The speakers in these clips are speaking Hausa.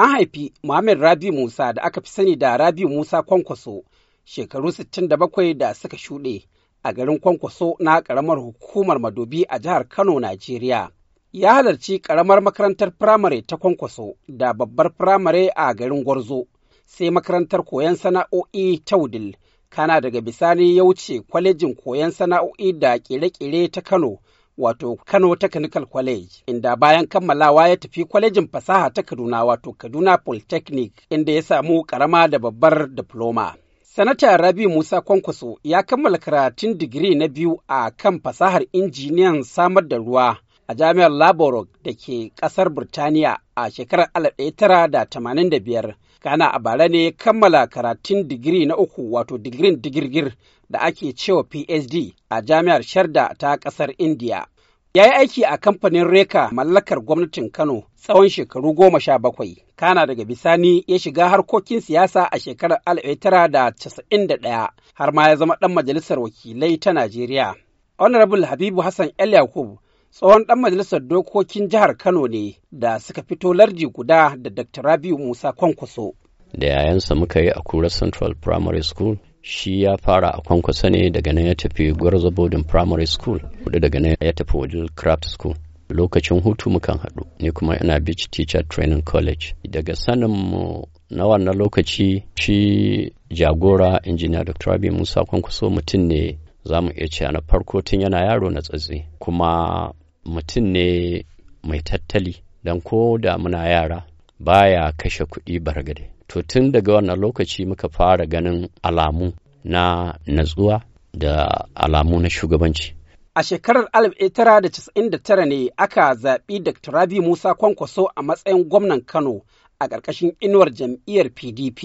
An haifi Muhammad Rabi Musa da aka fi sani da Rabi Musa Kwankwaso shekaru 67 da suka shuɗe a garin Kwankwaso na ƙaramar hukumar Madobi a jihar Kano, Najeriya. Ya halarci ƙaramar makarantar firamare ta Kwankwaso da babbar firamare a garin Gwarzo, sai makarantar koyon sana'o'i ta Wudil, kana daga bisani ya wuce kwalejin koyon sana'o'i da ƙere-ƙere ta Kano wato Kano Technical College inda bayan kammalawa ya tafi kwalejin fasaha ta Kaduna wato Kaduna Polytechnic inda ya samu karama da babbar diploma. Sanata Rabi Musa Kwankwaso ya kammala karatun digiri na biyu a kan fasahar injiniyan samar da ruwa a jami'ar Laborog da ke ƙasar Birtaniya a shekarar 1985. Kana a bara ne kammala karatun digiri na uku wato digirin digirgir da ake cewa PhD a jami'ar Sharda ta ƙasar India. Ya yi aiki a kamfanin Reka mallakar gwamnatin Kano tsawon shekaru goma sha bakwai. Kana daga bisani ya shiga harkokin siyasa a shekarar al'aitara tara da casa'in da ɗaya har ma ya zama ɗan majalisar wakilai ta Najeriya. Honorable Habibu Hassan El Yakub tsohon ɗan majalisar dokokin jihar Kano ne da suka fito larji guda da Dr. Rabiu Musa Kwankwaso. Da yayansa muka yi a Kura Central Primary School shi ya fara a kwankwasa ne daga nan ya tafi gwarzo boarding primary school hudu daga nan ya tafi wajen craft school lokacin hutu mukan haɗu ni kuma ina beach teacher training college daga sanin mu na wannan lokaci shi jagora injiniya dr abi musa kwankwaso mutum ne za mu iya cewa na farko tun yana yaro na tsatsi kuma mutum ne mai tattali don ko da muna yara baya kashe kuɗi bargade to tun daga wannan lokaci muka fara ganin alamu na natsuwa da alamu na shugabanci a shekarar 1999 ne aka zaɓi dr rabi musa kwankwaso a matsayin gwamnan kano a ƙarƙashin inuwar jam'iyyar pdp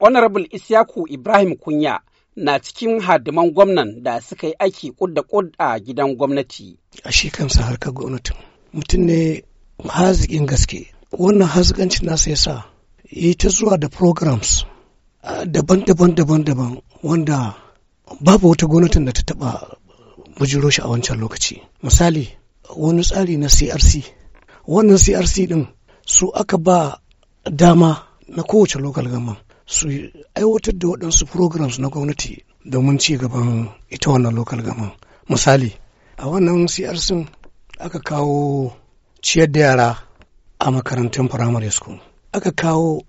honorable isyaku ibrahim kunya na cikin hadiman gwamnan da suka yi aiki kudda da a gidan gwamnati. A shi kansa harkar gwamnatin mutum ne haziƙin gaske wannan hasganci nasa ya sa yi ta zuwa da programs daban-daban daban-daban wanda babu wata gwamnatin da ta taba bujiro shi a wancan lokaci misali wani tsari na crc wannan crc din su aka ba dama na kowace local gama su aiwatar da waɗansu programs na gwamnati domin ci gaban ita wannan local gama misali a wannan crc aka kawo ciyar da yara a makarantun primary school aka kawo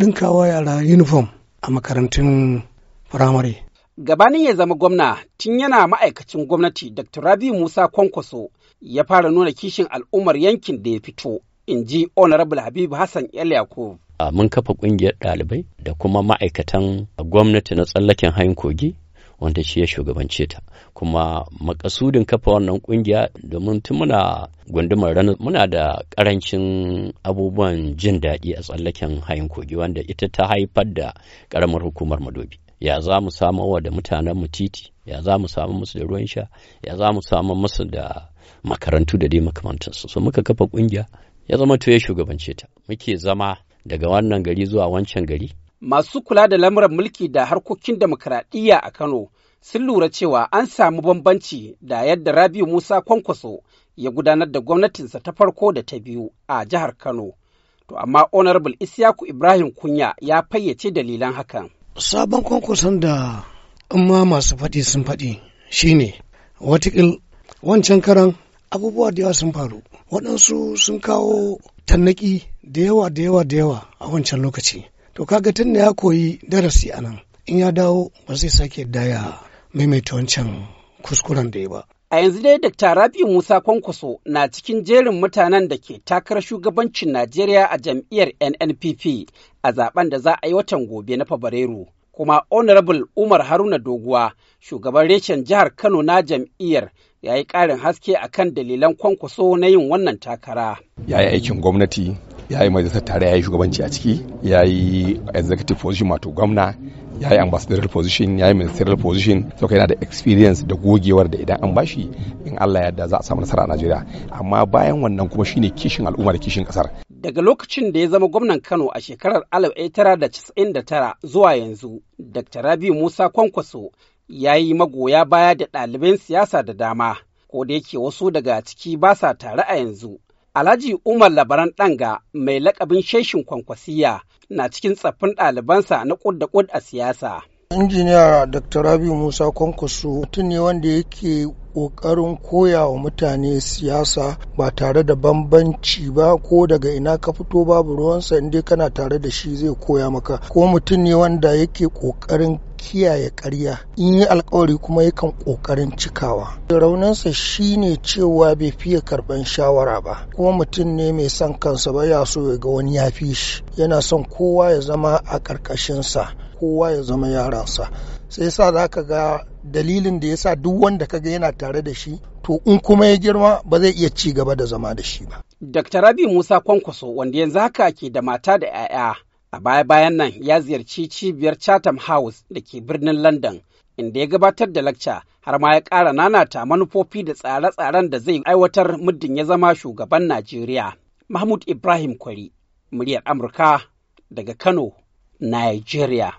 ɗinkawa yara uniform a makarantun primary gabanin ya zama gwamna tun yana ma'aikacin gwamnati dr rabi musa kwankwaso ya fara nuna kishin al'ummar yankin da ya fito in ji honorable habibu hassan el yakub mun kafa kungiyar ɗalibai da kuma ma'aikatan gwamnati na tsallaken hayin kogi wanda shi ya shugabance ta kuma makasudin kafa wannan kungiya domin tun muna gundumar ranar muna da karancin abubuwan jin daɗi a tsallaken hayan kogi wanda ita ta haifar da karamar hukumar madobi ya za mu wa da mutanenmu titi ya za mu samu musu da ruwan sha ya za mu samu musu da makarantu da dai makamantansu su muka kafa kungiya ya zama to ya shugabance ta muke zama daga wannan gari zuwa wancan gari masu kula da lamuran mulki da harkokin demokradiyya a Kano sun lura cewa an samu bambanci da yadda Rabiu Musa Kwankwaso ya gudanar da gwamnatinsa ta farko da ta biyu a jihar Kano. To amma Honorable Isyaku Ibrahim Kunya ya fayyace dalilan hakan. Sabon kwankwason da ma masu faɗi sun faɗi shine watakil wancan karan abubuwa da yawa sun faru waɗansu sun kawo tannaki da yawa da yawa da yawa a wancan lokaci to kaga tun da ya koyi darasi a nan in ya dawo ba zai sake daya maimaita wancan kuskuren da ya ba a yanzu dai Dr. Rabi Musa Kwankwaso na cikin jerin mutanen da ke takarar shugabancin Najeriya a jam'iyyar NNPP a zaben da za a yi watan gobe na Fabrairu. Kuma Honorable Umar Haruna Doguwa, shugaban reshen jihar Kano na jam'iyyar, ya yi ƙarin haske a kan dalilan Kwankwaso na yin wannan takara. Ya yi aikin gwamnati ya yi majalisar tare ya yi shugabanci a ciki ya yi executive position wato gwamna ya yi ambassadorial position ya yi ministerial position so yana da experience da gogewar da idan an bashi in Allah ya da za a samu nasara a Najeriya amma bayan wannan kuma shine kishin al'umma da kishin kasar daga lokacin da ya zama gwamnan Kano a shekarar 1999 zuwa yanzu Dr. Rabi Musa Kwankwaso ya yi magoya baya da ɗaliban siyasa da dama ko da yake wasu daga ciki ba sa tare a yanzu Alhaji Umar Labaran Ɗanga mai lakabin sheshin kwankwasiya na cikin tsaffin ɗalibansa na ƙud da ƙud a siyasa. Injiniya Dr. Rabi Musa Kwankwaso mutum ne wanda yake ƙoƙarin koya wa mutane siyasa ba tare da bambanci ba ko daga ina ka fito babu ruwansa in kana tare da shi zai koya maka ko mutum ne wanda yake ƙoƙarin kiyaye karya in yi alkawari kuma yakan ƙoƙarin cikawa rauninsa ne cewa bai fiye karɓan shawara ba kuma mutum ne mai son kansa ba ya so ya ga wani ya fi shi yana son kowa ya zama a ƙarƙashinsa kowa ya zama yaransa sai sa za ka ga dalilin da ya sa duk wanda ka ga yana tare da shi to in kuma ya girma ba zai iya ci gaba da zama da shi ba. Dr. Rabi Musa Kwankwaso wanda yanzu haka ke da mata da 'ya'ya A baya-bayan nan ya ziyarci cibiyar Chatham House da ke birnin London, inda ya gabatar da lacca, har ma ya ƙara nanata manufofi da tsare-tsaren da zai aiwatar muddin ya zama shugaban Najeriya. Mahmud Ibrahim Kwari, muryar Amurka daga Kano, Nigeria.